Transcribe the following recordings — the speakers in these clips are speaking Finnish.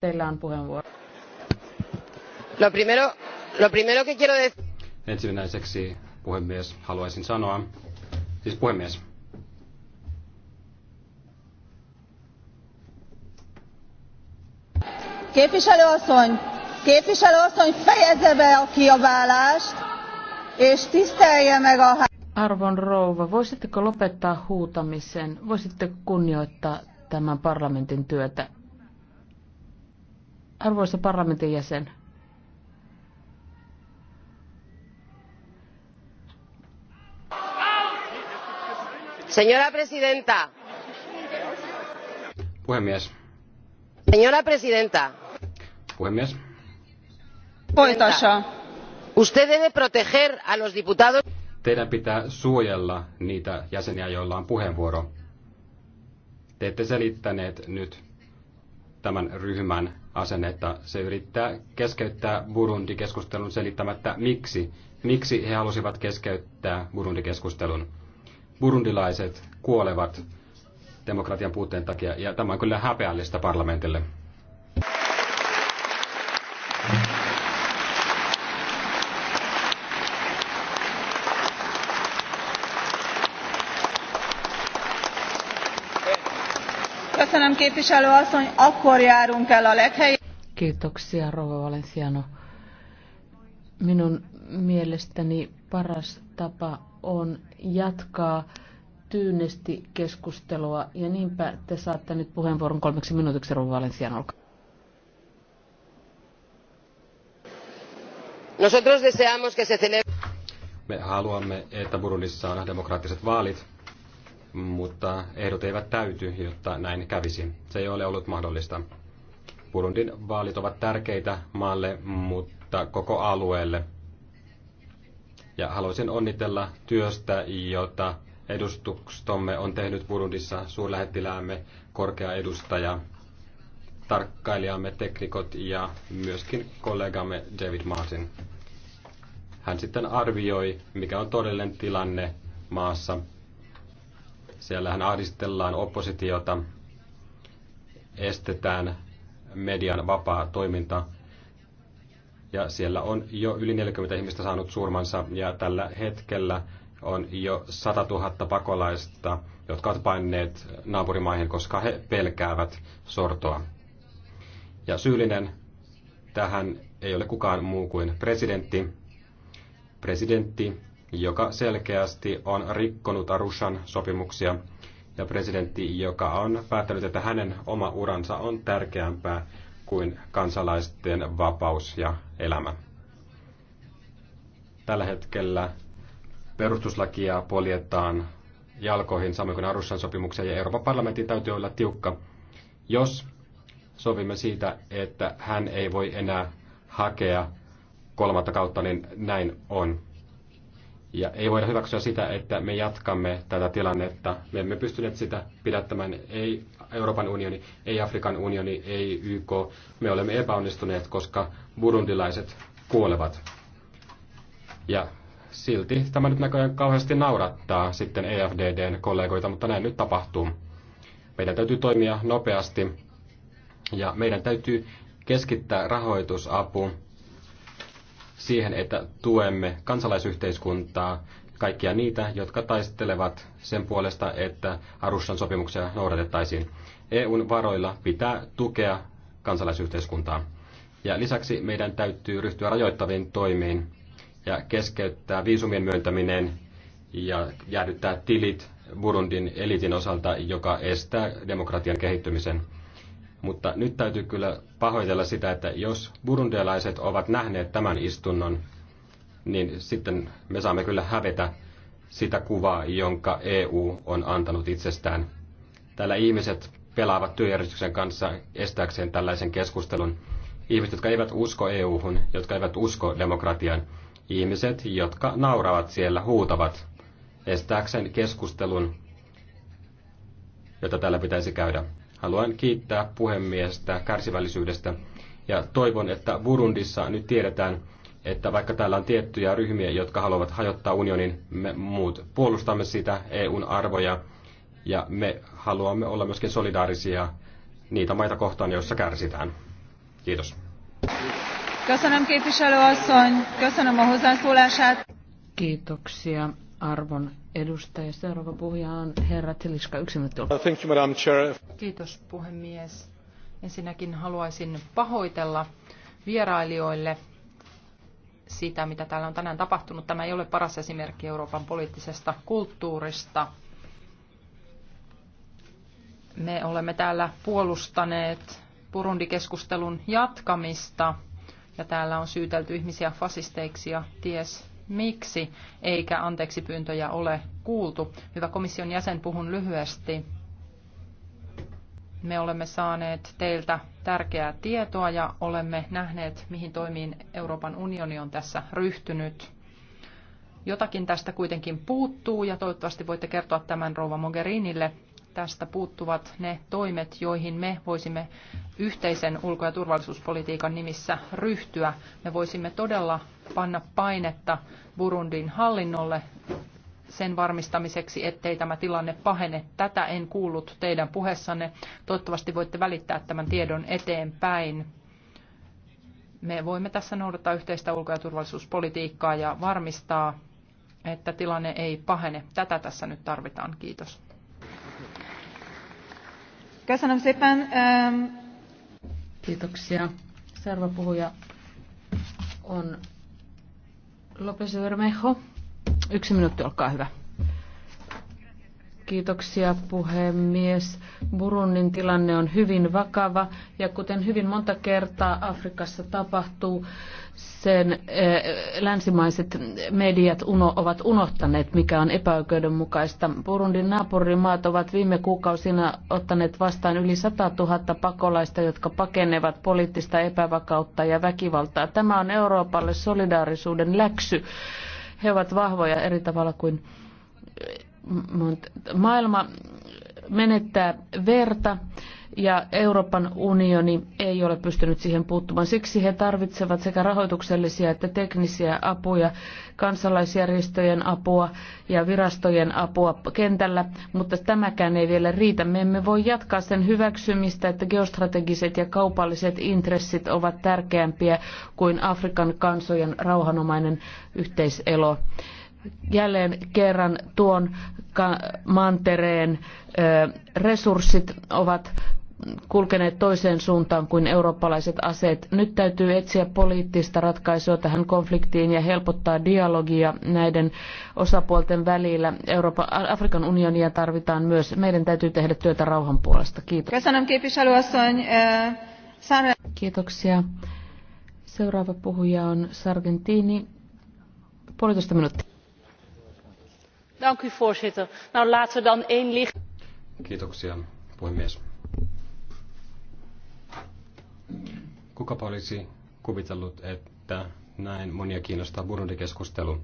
Teillä on puheenvuoro. Lo primero, lo primero que quiero decir... Ensimmäiseksi puhemies haluaisin sanoa, siis puhemies, Képviselőasszony, képviselőasszony fejezze be a kiabálást, és tisztelje meg a... Arvon rouva, voisitteko lopettaa huutamisen? Voisitteko kunnioittaa tämän parlamentin työtä? Arvoisa parlamentin jäsen, Señora presidenta. Puhemies. Señora presidenta. Puhemies. Poitasa. Usted debe proteger a los diputados. Teidän pitää suojella niitä jäseniä, joilla on puheenvuoro. Te ette selittäneet nyt tämän ryhmän asennetta. Se yrittää keskeyttää Burundi-keskustelun selittämättä miksi. Miksi he halusivat keskeyttää Burundi-keskustelun. Burundilaiset kuolevat demokratian puutteen takia, ja tämä on kyllä häpeällistä parlamentille. akkor járunk el a Kiitoksia, Rova Valenciano. Minun mielestäni paras tapa on jatkaa tyynesti keskustelua, ja niinpä te saatte nyt puheenvuoron kolmeksi minuutiksi, Rova Valenciano. Me haluamme, että Burundissa on demokraattiset vaalit, mutta ehdot eivät täyty, jotta näin kävisi. Se ei ole ollut mahdollista. Burundin vaalit ovat tärkeitä maalle, mutta koko alueelle. Ja haluaisin onnitella työstä, jota edustustomme on tehnyt Burundissa suurlähettiläämme, korkea edustaja, tarkkailijamme, teknikot ja myöskin kollegamme David Martin. Hän sitten arvioi, mikä on todellinen tilanne maassa Siellähän ahdistellaan oppositiota, estetään median vapaa toiminta. Ja siellä on jo yli 40 ihmistä saanut surmansa ja tällä hetkellä on jo 100 000 pakolaista, jotka ovat paineet naapurimaihin, koska he pelkäävät sortoa. Ja syyllinen tähän ei ole kukaan muu kuin presidentti. Presidentti joka selkeästi on rikkonut Arushan sopimuksia ja presidentti, joka on päättänyt, että hänen oma uransa on tärkeämpää kuin kansalaisten vapaus ja elämä. Tällä hetkellä perustuslakia poljetaan jalkoihin, samoin kuin Arushan sopimuksia, ja Euroopan parlamentin täytyy olla tiukka, jos sovimme siitä, että hän ei voi enää hakea kolmatta kautta, niin näin on. Ja ei voida hyväksyä sitä, että me jatkamme tätä tilannetta. Me emme pystyneet sitä pidättämään, ei Euroopan unioni, ei Afrikan unioni, ei YK. Me olemme epäonnistuneet, koska burundilaiset kuolevat. Ja silti tämä nyt näköjään kauheasti naurattaa sitten EFDDn kollegoita, mutta näin nyt tapahtuu. Meidän täytyy toimia nopeasti ja meidän täytyy keskittää rahoitusapu siihen, että tuemme kansalaisyhteiskuntaa, kaikkia niitä, jotka taistelevat sen puolesta, että Arushan sopimuksia noudatettaisiin. EUn varoilla pitää tukea kansalaisyhteiskuntaa. Ja lisäksi meidän täytyy ryhtyä rajoittaviin toimiin ja keskeyttää viisumien myöntäminen ja jäädyttää tilit Burundin elitin osalta, joka estää demokratian kehittymisen. Mutta nyt täytyy kyllä pahoitella sitä, että jos burundialaiset ovat nähneet tämän istunnon, niin sitten me saamme kyllä hävetä sitä kuvaa, jonka EU on antanut itsestään. Täällä ihmiset pelaavat työjärjestyksen kanssa estääkseen tällaisen keskustelun. Ihmiset, jotka eivät usko EU-hun, jotka eivät usko demokratian. Ihmiset, jotka nauravat siellä, huutavat estääkseen keskustelun, jota täällä pitäisi käydä. Haluan kiittää puhemiestä kärsivällisyydestä ja toivon, että Burundissa nyt tiedetään, että vaikka täällä on tiettyjä ryhmiä, jotka haluavat hajottaa unionin, me muut puolustamme sitä EUn arvoja ja me haluamme olla myöskin solidaarisia niitä maita kohtaan, joissa kärsitään. Kiitos. Köszönöm képviselő asszony, köszönöm a hozzászólását. Kiitoksia arvon edustaja. Seuraava puhuja on herra Tiliska, yksi Kiitos puhemies. Ensinnäkin haluaisin pahoitella vierailijoille sitä, mitä täällä on tänään tapahtunut. Tämä ei ole paras esimerkki Euroopan poliittisesta kulttuurista. Me olemme täällä puolustaneet keskustelun jatkamista ja täällä on syytelty ihmisiä fasisteiksi ja ties miksi eikä anteeksipyyntöjä ole kuultu. Hyvä komission jäsen, puhun lyhyesti. Me olemme saaneet teiltä tärkeää tietoa ja olemme nähneet, mihin toimiin Euroopan unioni on tässä ryhtynyt. Jotakin tästä kuitenkin puuttuu ja toivottavasti voitte kertoa tämän rouva Mogherinille. Tästä puuttuvat ne toimet, joihin me voisimme yhteisen ulko- ja turvallisuuspolitiikan nimissä ryhtyä. Me voisimme todella panna painetta Burundin hallinnolle sen varmistamiseksi, ettei tämä tilanne pahene. Tätä en kuullut teidän puheessanne. Toivottavasti voitte välittää tämän tiedon eteenpäin. Me voimme tässä noudattaa yhteistä ulko- ja turvallisuuspolitiikkaa ja varmistaa, että tilanne ei pahene. Tätä tässä nyt tarvitaan. Kiitos. Kiitoksia. Seuraava puhuja on Lopes Bermejo, yksi minuutti, olkaa hyvä. Kiitoksia puhemies. Burundin tilanne on hyvin vakava ja kuten hyvin monta kertaa Afrikassa tapahtuu, sen eh, länsimaiset mediat uno, ovat unohtaneet, mikä on epäoikeudenmukaista. Burundin naapurimaat ovat viime kuukausina ottaneet vastaan yli 100 000 pakolaista, jotka pakenevat poliittista epävakautta ja väkivaltaa. Tämä on Euroopalle solidaarisuuden läksy. He ovat vahvoja eri tavalla kuin Maailma menettää verta ja Euroopan unioni ei ole pystynyt siihen puuttumaan. Siksi he tarvitsevat sekä rahoituksellisia että teknisiä apuja, kansalaisjärjestöjen apua ja virastojen apua kentällä, mutta tämäkään ei vielä riitä. Me emme voi jatkaa sen hyväksymistä, että geostrategiset ja kaupalliset intressit ovat tärkeämpiä kuin Afrikan kansojen rauhanomainen yhteiselo jälleen kerran tuon mantereen resurssit ovat kulkeneet toiseen suuntaan kuin eurooppalaiset aseet. Nyt täytyy etsiä poliittista ratkaisua tähän konfliktiin ja helpottaa dialogia näiden osapuolten välillä. Euroopan, Afrikan unionia tarvitaan myös. Meidän täytyy tehdä työtä rauhan puolesta. Kiitos. Kiitoksia. Seuraava puhuja on Sargentini. Puolitoista minuuttia voorzitter laten we dan één kukapa olisi kuvitellut että näin monia kiinnostaa burundi keskustelu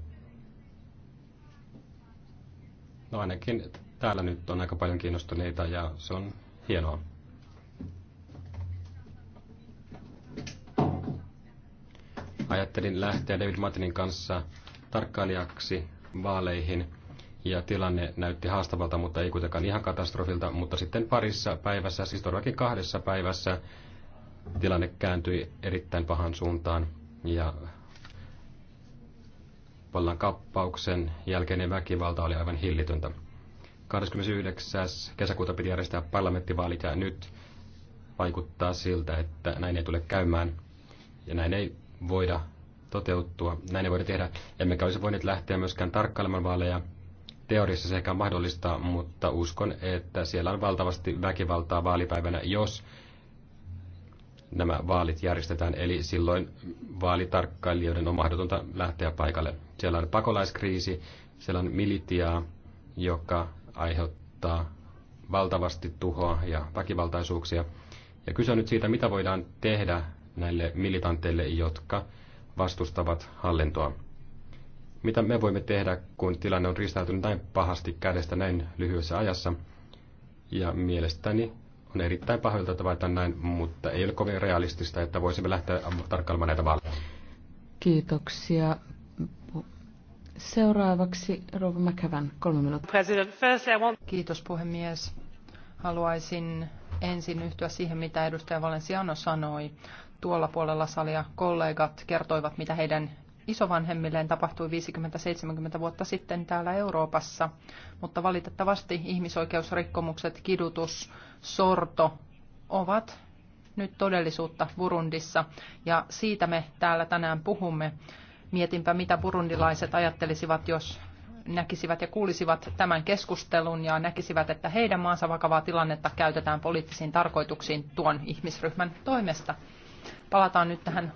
no ainakin täällä nyt on aika paljon kiinnostuneita ja se on hienoa ajattelin lähteä David Martinin kanssa tarkkailijaksi vaaleihin ja tilanne näytti haastavalta, mutta ei kuitenkaan ihan katastrofilta, mutta sitten parissa päivässä, siis todellakin kahdessa päivässä, tilanne kääntyi erittäin pahan suuntaan ja vallan kappauksen jälkeinen väkivalta oli aivan hillitöntä. 29. kesäkuuta piti järjestää parlamenttivaalit ja nyt vaikuttaa siltä, että näin ei tule käymään ja näin ei voida toteuttua. Näin ei voida tehdä. Emmekä olisi voineet lähteä myöskään tarkkailemaan vaaleja, teoriassa se ehkä mahdollista, mutta uskon, että siellä on valtavasti väkivaltaa vaalipäivänä, jos nämä vaalit järjestetään, eli silloin vaalitarkkailijoiden on mahdotonta lähteä paikalle. Siellä on pakolaiskriisi, siellä on militiaa, joka aiheuttaa valtavasti tuhoa ja väkivaltaisuuksia. Ja kyse on nyt siitä, mitä voidaan tehdä näille militanteille, jotka vastustavat hallintoa. Mitä me voimme tehdä, kun tilanne on ristäytynyt näin pahasti kädestä näin lyhyessä ajassa? Ja mielestäni on erittäin pahoilta tavata näin, mutta ei ole kovin realistista, että voisimme lähteä tarkkailemaan näitä vaaleja. Kiitoksia. Seuraavaksi Rova Mäkävän kolme minuuttia. Kiitos puhemies. Haluaisin ensin yhtyä siihen, mitä edustaja Valenciano sanoi. Tuolla puolella salia kollegat kertoivat, mitä heidän isovanhemmilleen tapahtui 50-70 vuotta sitten täällä Euroopassa, mutta valitettavasti ihmisoikeusrikkomukset, kidutus, sorto ovat nyt todellisuutta Burundissa ja siitä me täällä tänään puhumme. Mietinpä, mitä burundilaiset ajattelisivat, jos näkisivät ja kuulisivat tämän keskustelun ja näkisivät, että heidän maansa vakavaa tilannetta käytetään poliittisiin tarkoituksiin tuon ihmisryhmän toimesta. Palataan nyt tähän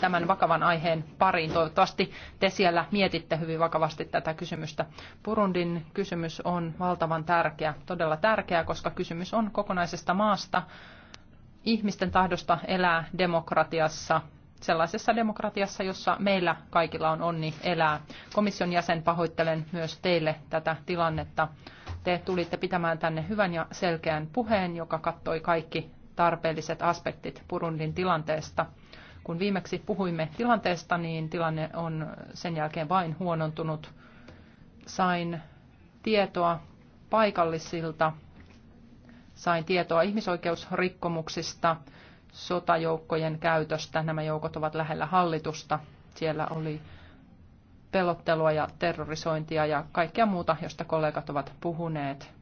tämän vakavan aiheen pariin. Toivottavasti te siellä mietitte hyvin vakavasti tätä kysymystä. Burundin kysymys on valtavan tärkeä, todella tärkeä, koska kysymys on kokonaisesta maasta, ihmisten tahdosta elää demokratiassa, sellaisessa demokratiassa, jossa meillä kaikilla on onni elää. Komission jäsen pahoittelen myös teille tätä tilannetta. Te tulitte pitämään tänne hyvän ja selkeän puheen, joka kattoi kaikki tarpeelliset aspektit Burundin tilanteesta. Kun viimeksi puhuimme tilanteesta, niin tilanne on sen jälkeen vain huonontunut. Sain tietoa paikallisilta, sain tietoa ihmisoikeusrikkomuksista, sotajoukkojen käytöstä. Nämä joukot ovat lähellä hallitusta. Siellä oli pelottelua ja terrorisointia ja kaikkea muuta, josta kollegat ovat puhuneet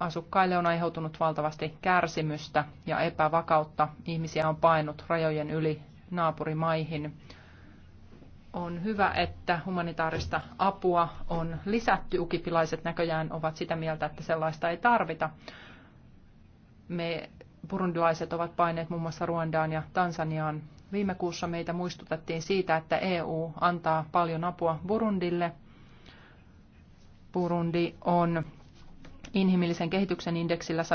asukkaille on aiheutunut valtavasti kärsimystä ja epävakautta. Ihmisiä on painut rajojen yli naapurimaihin. On hyvä, että humanitaarista apua on lisätty. Ukipilaiset näköjään ovat sitä mieltä, että sellaista ei tarvita. Me burundilaiset ovat paineet muun muassa Ruandaan ja Tansaniaan. Viime kuussa meitä muistutettiin siitä, että EU antaa paljon apua Burundille. Burundi on inhimillisen kehityksen indeksillä 180-186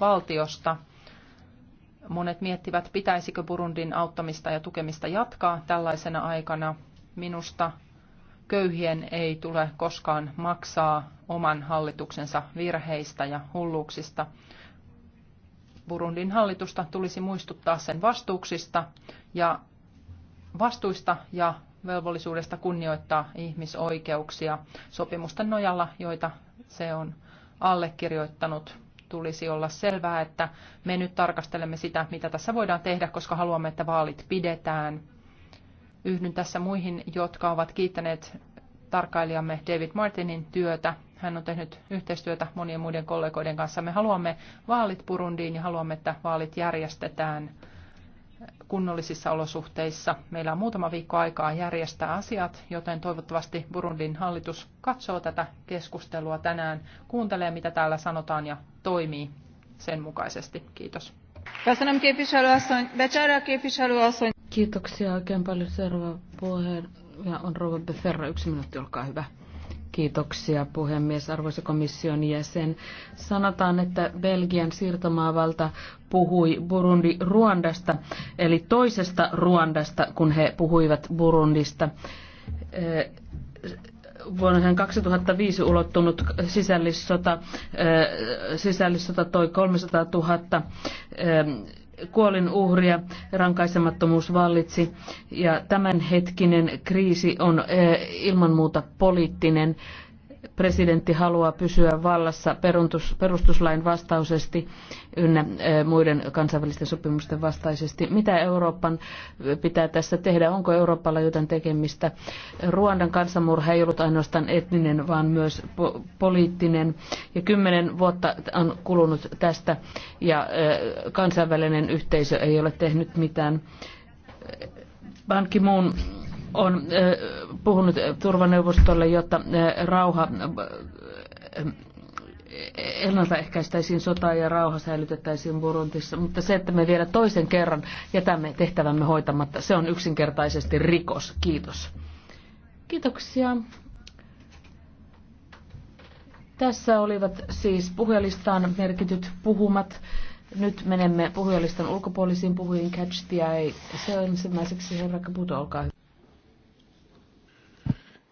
valtiosta. Monet miettivät, pitäisikö Burundin auttamista ja tukemista jatkaa tällaisena aikana. Minusta köyhien ei tule koskaan maksaa oman hallituksensa virheistä ja hulluuksista. Burundin hallitusta tulisi muistuttaa sen vastuuksista ja vastuista ja velvollisuudesta kunnioittaa ihmisoikeuksia. Sopimusten nojalla, joita se on allekirjoittanut, tulisi olla selvää, että me nyt tarkastelemme sitä, mitä tässä voidaan tehdä, koska haluamme, että vaalit pidetään. Yhdyn tässä muihin, jotka ovat kiittäneet tarkkailijamme David Martinin työtä. Hän on tehnyt yhteistyötä monien muiden kollegoiden kanssa. Me haluamme vaalit Burundiin ja haluamme, että vaalit järjestetään kunnollisissa olosuhteissa. Meillä on muutama viikko aikaa järjestää asiat, joten toivottavasti Burundin hallitus katsoo tätä keskustelua tänään, kuuntelee mitä täällä sanotaan ja toimii sen mukaisesti. Kiitos. Kiitoksia oikein paljon. Seuraava Puheen. ja on Rova Beferra, Yksi minuutti, olkaa hyvä. Kiitoksia puhemies, arvoisa komission jäsen. Sanotaan, että Belgian siirtomaavalta puhui Burundi Ruandasta, eli toisesta Ruandasta, kun he puhuivat Burundista eh, vuonna 2005 ulottunut sisällissota, eh, sisällissota toi 300 000 kuolin uhria, rankaisemattomuus vallitsi ja tämänhetkinen kriisi on eh, ilman muuta poliittinen presidentti haluaa pysyä vallassa perustuslain vastaisesti ynnä muiden kansainvälisten sopimusten vastaisesti. Mitä Euroopan pitää tässä tehdä? Onko Euroopalla jotain tekemistä? Ruandan kansanmurha ei ollut ainoastaan etninen, vaan myös po- poliittinen. Ja kymmenen vuotta on kulunut tästä ja kansainvälinen yhteisö ei ole tehnyt mitään. Ban Ki-moon on puhunut turvaneuvostolle, jotta rauha ennaltaehkäistäisiin sotaa ja rauha säilytettäisiin Burundissa, mutta se, että me vielä toisen kerran jätämme tehtävämme hoitamatta, se on yksinkertaisesti rikos. Kiitos. Kiitoksia. Tässä olivat siis puhujalistaan merkityt puhumat. Nyt menemme puhujalistan ulkopuolisiin puhujiin Catch the Eye. Se on ensimmäiseksi herra Kaputo, olkaa hyvä.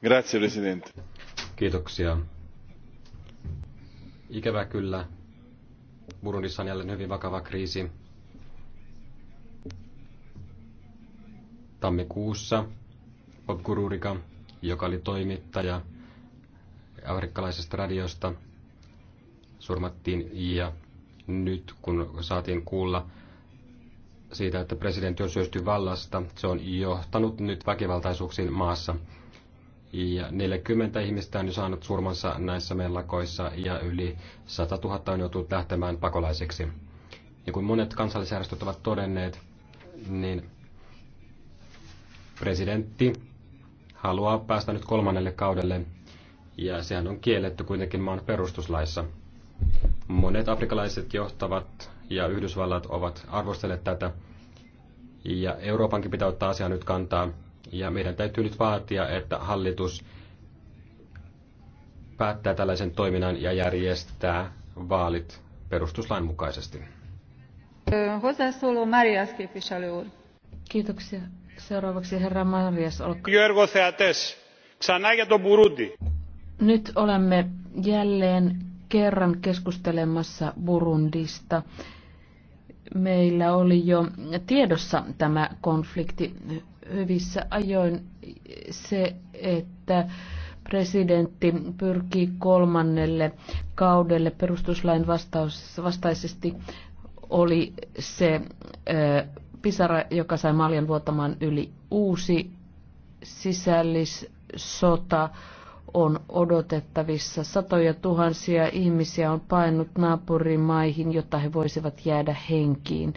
Grazie, presidente. Kiitoksia. Ikävä kyllä. Burundissa on jälleen hyvin vakava kriisi. Tammikuussa Bob Gururika, joka oli toimittaja afrikkalaisesta radiosta, surmattiin ja nyt kun saatiin kuulla siitä, että presidentti on syösty vallasta, se on johtanut nyt väkivaltaisuuksiin maassa. Ja 40 ihmistä on jo saanut surmansa näissä mellakoissa ja yli 100 000 on joutunut lähtemään pakolaisiksi. Ja kun monet kansallisjärjestöt ovat todenneet, niin presidentti haluaa päästä nyt kolmannelle kaudelle, ja sehän on kielletty kuitenkin maan perustuslaissa. Monet afrikalaiset johtavat ja Yhdysvallat ovat arvostelleet tätä, ja Euroopankin pitää ottaa asiaa nyt kantaa. Ja meidän täytyy nyt vaatia, että hallitus päättää tällaisen toiminnan ja järjestää vaalit perustuslain mukaisesti. Kiitoksia. Seuraavaksi herra Marias, olkaa. Nyt olemme jälleen kerran keskustelemassa Burundista. Meillä oli jo tiedossa tämä konflikti hyvissä ajoin se, että presidentti pyrkii kolmannelle kaudelle perustuslain vastaus, vastaisesti oli se ö, pisara, joka sai maljan vuotamaan yli uusi sisällissota on odotettavissa. Satoja tuhansia ihmisiä on painut naapurimaihin, jotta he voisivat jäädä henkiin.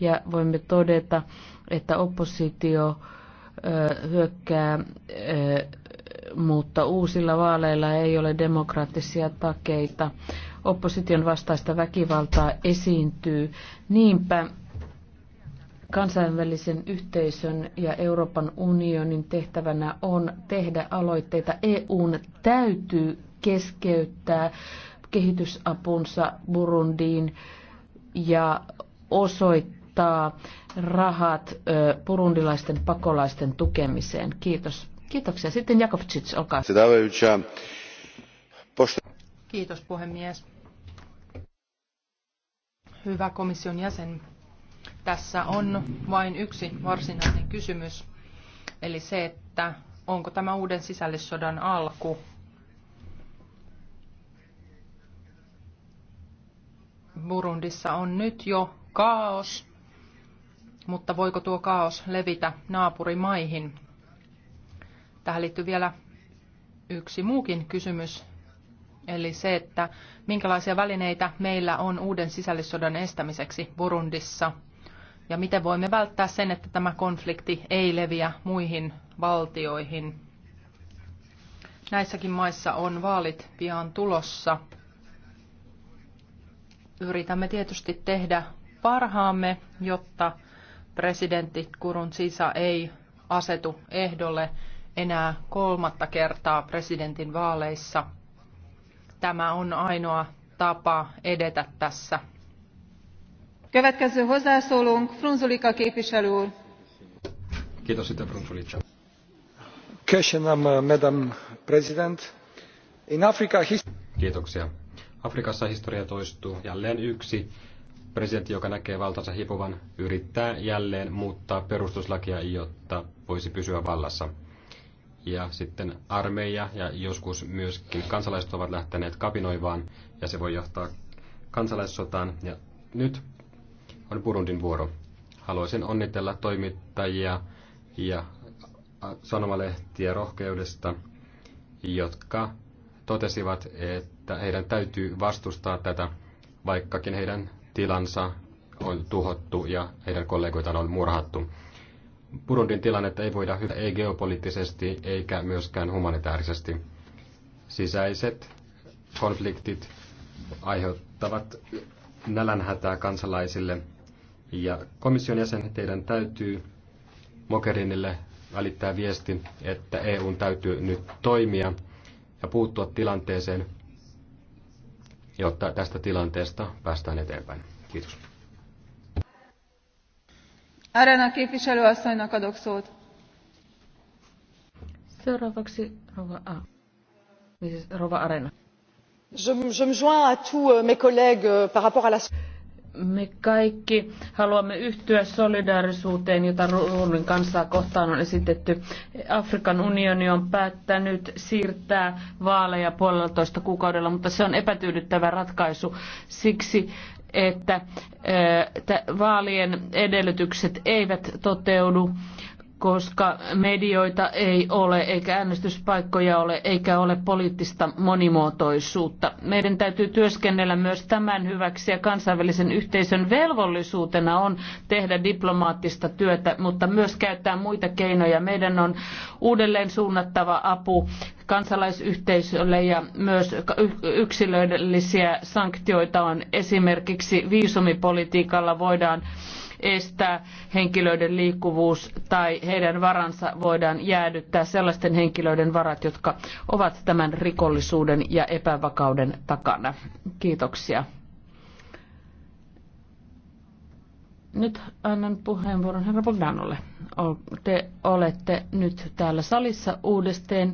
Ja voimme todeta, että oppositio hyökkää, mutta uusilla vaaleilla ei ole demokraattisia takeita. Opposition vastaista väkivaltaa esiintyy. Niinpä Kansainvälisen yhteisön ja Euroopan unionin tehtävänä on tehdä aloitteita. EUn täytyy keskeyttää kehitysapunsa Burundiin ja osoittaa, osoittaa rahat purundilaisten pakolaisten tukemiseen. Kiitos. Kiitoksia. Sitten Jakovčić, olkaa Kiitos puhemies. Hyvä komission jäsen. Tässä on vain yksi varsinainen kysymys, eli se, että onko tämä uuden sisällissodan alku Burundissa on nyt jo kaos, mutta voiko tuo kaos levitä naapurimaihin? Tähän liittyy vielä yksi muukin kysymys, eli se, että minkälaisia välineitä meillä on uuden sisällissodan estämiseksi Burundissa ja miten voimme välttää sen, että tämä konflikti ei leviä muihin valtioihin. Näissäkin maissa on vaalit pian tulossa. Yritämme tietysti tehdä parhaamme, jotta presidentti Kurun Sisa ei asetu ehdolle enää kolmatta kertaa presidentin vaaleissa. Tämä on ainoa tapa edetä tässä. Következő hozzászólunk, Frunzulika képviselő úr. Kiitos sitten Frunzulica. Köszönöm, eh, Madam President. In Africa Kiitoksia. Afrikassa historia toistuu jälleen yksi presidentti, joka näkee valtansa hipovan, yrittää jälleen muuttaa perustuslakia, jotta voisi pysyä vallassa. Ja sitten armeija ja joskus myöskin kansalaiset ovat lähteneet kapinoivaan ja se voi johtaa kansalaissotaan. Ja nyt on Burundin vuoro. Haluaisin onnitella toimittajia ja sanomalehtiä rohkeudesta, jotka totesivat, että heidän täytyy vastustaa tätä, vaikkakin heidän tilansa on tuhottu ja heidän kollegoitaan on murhattu. Burundin tilannetta ei voida hyvää ei geopoliittisesti eikä myöskään humanitaarisesti. Sisäiset konfliktit aiheuttavat nälänhätää kansalaisille ja komission jäsen teidän täytyy Mogherinille välittää viesti, että EUn täytyy nyt toimia ja puuttua tilanteeseen jotta tästä tilanteesta päästään eteenpäin. Kiitos. Arena képviselőasszonynak Asaina szót. Seuraavaksi Rova A. Rova Arena. je me joins à tous euh, mes collègues euh, par rapport à la me kaikki haluamme yhtyä solidaarisuuteen, jota Ruonin kansaa kohtaan on esitetty. Afrikan unioni on päättänyt siirtää vaaleja puoleltoista kuukaudella, mutta se on epätyydyttävä ratkaisu siksi, että vaalien edellytykset eivät toteudu koska medioita ei ole, eikä äänestyspaikkoja ole, eikä ole poliittista monimuotoisuutta. Meidän täytyy työskennellä myös tämän hyväksi ja kansainvälisen yhteisön velvollisuutena on tehdä diplomaattista työtä, mutta myös käyttää muita keinoja. Meidän on uudelleen suunnattava apu kansalaisyhteisölle ja myös yksilöllisiä sanktioita on esimerkiksi viisumipolitiikalla voidaan estää henkilöiden liikkuvuus tai heidän varansa voidaan jäädyttää sellaisten henkilöiden varat, jotka ovat tämän rikollisuuden ja epävakauden takana. Kiitoksia. Nyt annan puheenvuoron herra Bogdanolle. Te olette nyt täällä salissa uudestaan.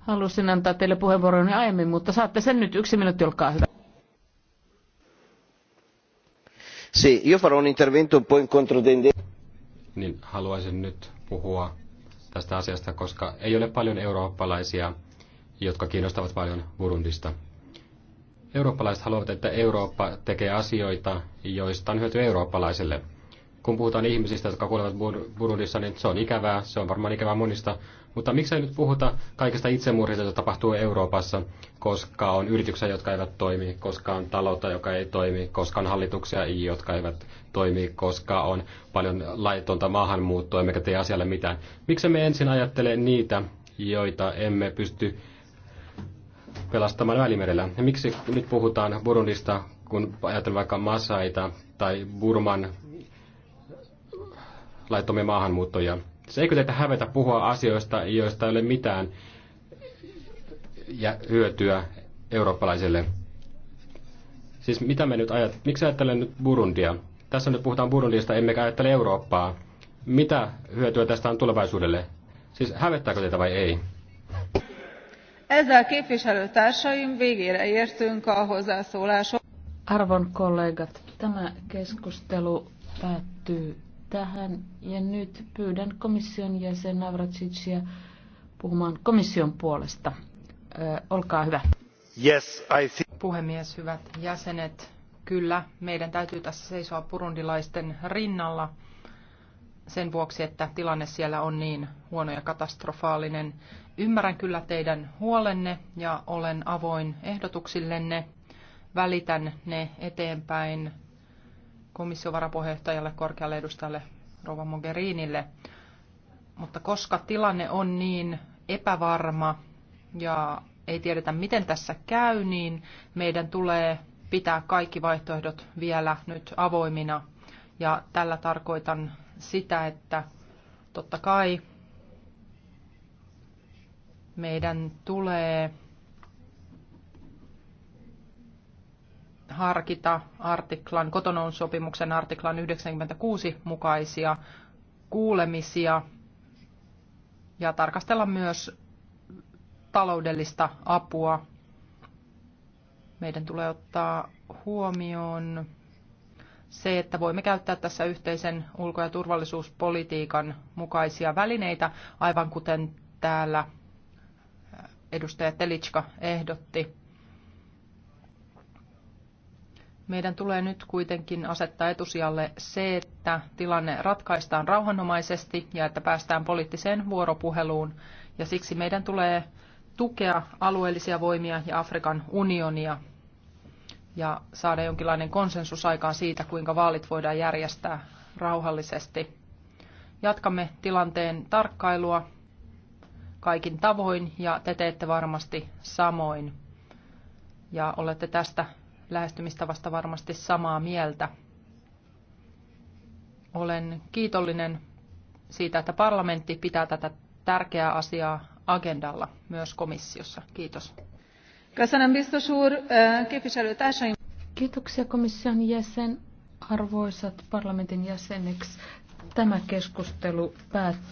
Halusin antaa teille puheenvuoron aiemmin, mutta saatte sen nyt. Yksi minuutti, olkaa hyvä. io farò un intervento un po' in controtendenza. Niin haluaisin nyt puhua tästä asiasta, koska ei ole paljon eurooppalaisia, jotka kiinnostavat paljon Burundista. Eurooppalaiset haluavat, että Eurooppa tekee asioita, joista on hyöty eurooppalaisille. Kun puhutaan ihmisistä, jotka kuolevat Burundissa, niin se on ikävää. Se on varmaan ikävää monista mutta miksei nyt puhuta kaikista itsemurhista, joita tapahtuu Euroopassa, koska on yrityksiä, jotka eivät toimi, koska on taloutta, joka ei toimi, koska on hallituksia, jotka eivät toimi, koska on paljon laitonta maahanmuuttoa, emmekä tee asialle mitään. Miksi me ensin ajattele niitä, joita emme pysty pelastamaan Välimerellä? Ja miksi nyt puhutaan Burundista, kun ajatellaan vaikka Masaita tai Burman laittomia maahanmuuttoja? Se ei kyllä hävetä puhua asioista, joista ei ole mitään ja hyötyä eurooppalaisille? Siis mitä me nyt ajat, miksi ajattelen nyt Burundia? Tässä nyt puhutaan Burundista, emmekä ajattele Eurooppaa. Mitä hyötyä tästä on tulevaisuudelle? Siis hävettääkö teitä vai ei? Ezzel képviselőtársaim végére értünk a hozzászólások. Arvon kollegat, tämä keskustelu päättyy tähän. Ja nyt pyydän komission jäsen Navracicia puhumaan komission puolesta. Ö, olkaa hyvä. Yes, I see. Puhemies, hyvät jäsenet, kyllä, meidän täytyy tässä seisoa purundilaisten rinnalla sen vuoksi, että tilanne siellä on niin huono ja katastrofaalinen. Ymmärrän kyllä teidän huolenne ja olen avoin ehdotuksillenne. Välitän ne eteenpäin komission varapuheenjohtajalle, korkealle edustajalle Rova Mogherinille. Mutta koska tilanne on niin epävarma ja ei tiedetä, miten tässä käy, niin meidän tulee pitää kaikki vaihtoehdot vielä nyt avoimina. Ja tällä tarkoitan sitä, että totta kai meidän tulee harkita artiklan, kotonoun sopimuksen artiklan 96 mukaisia kuulemisia ja tarkastella myös taloudellista apua. Meidän tulee ottaa huomioon se, että voimme käyttää tässä yhteisen ulko- ja turvallisuuspolitiikan mukaisia välineitä, aivan kuten täällä edustaja Telitska ehdotti. Meidän tulee nyt kuitenkin asettaa etusijalle se, että tilanne ratkaistaan rauhanomaisesti ja että päästään poliittiseen vuoropuheluun. Ja siksi meidän tulee tukea alueellisia voimia ja Afrikan unionia ja saada jonkinlainen konsensus aikaan siitä, kuinka vaalit voidaan järjestää rauhallisesti. Jatkamme tilanteen tarkkailua kaikin tavoin ja te teette varmasti samoin. Ja olette tästä lähestymistavasta varmasti samaa mieltä. Olen kiitollinen siitä, että parlamentti pitää tätä tärkeää asiaa agendalla myös komissiossa. Kiitos. Kiitoksia komission jäsen, arvoisat parlamentin jäseneksi. Tämä keskustelu päättyy.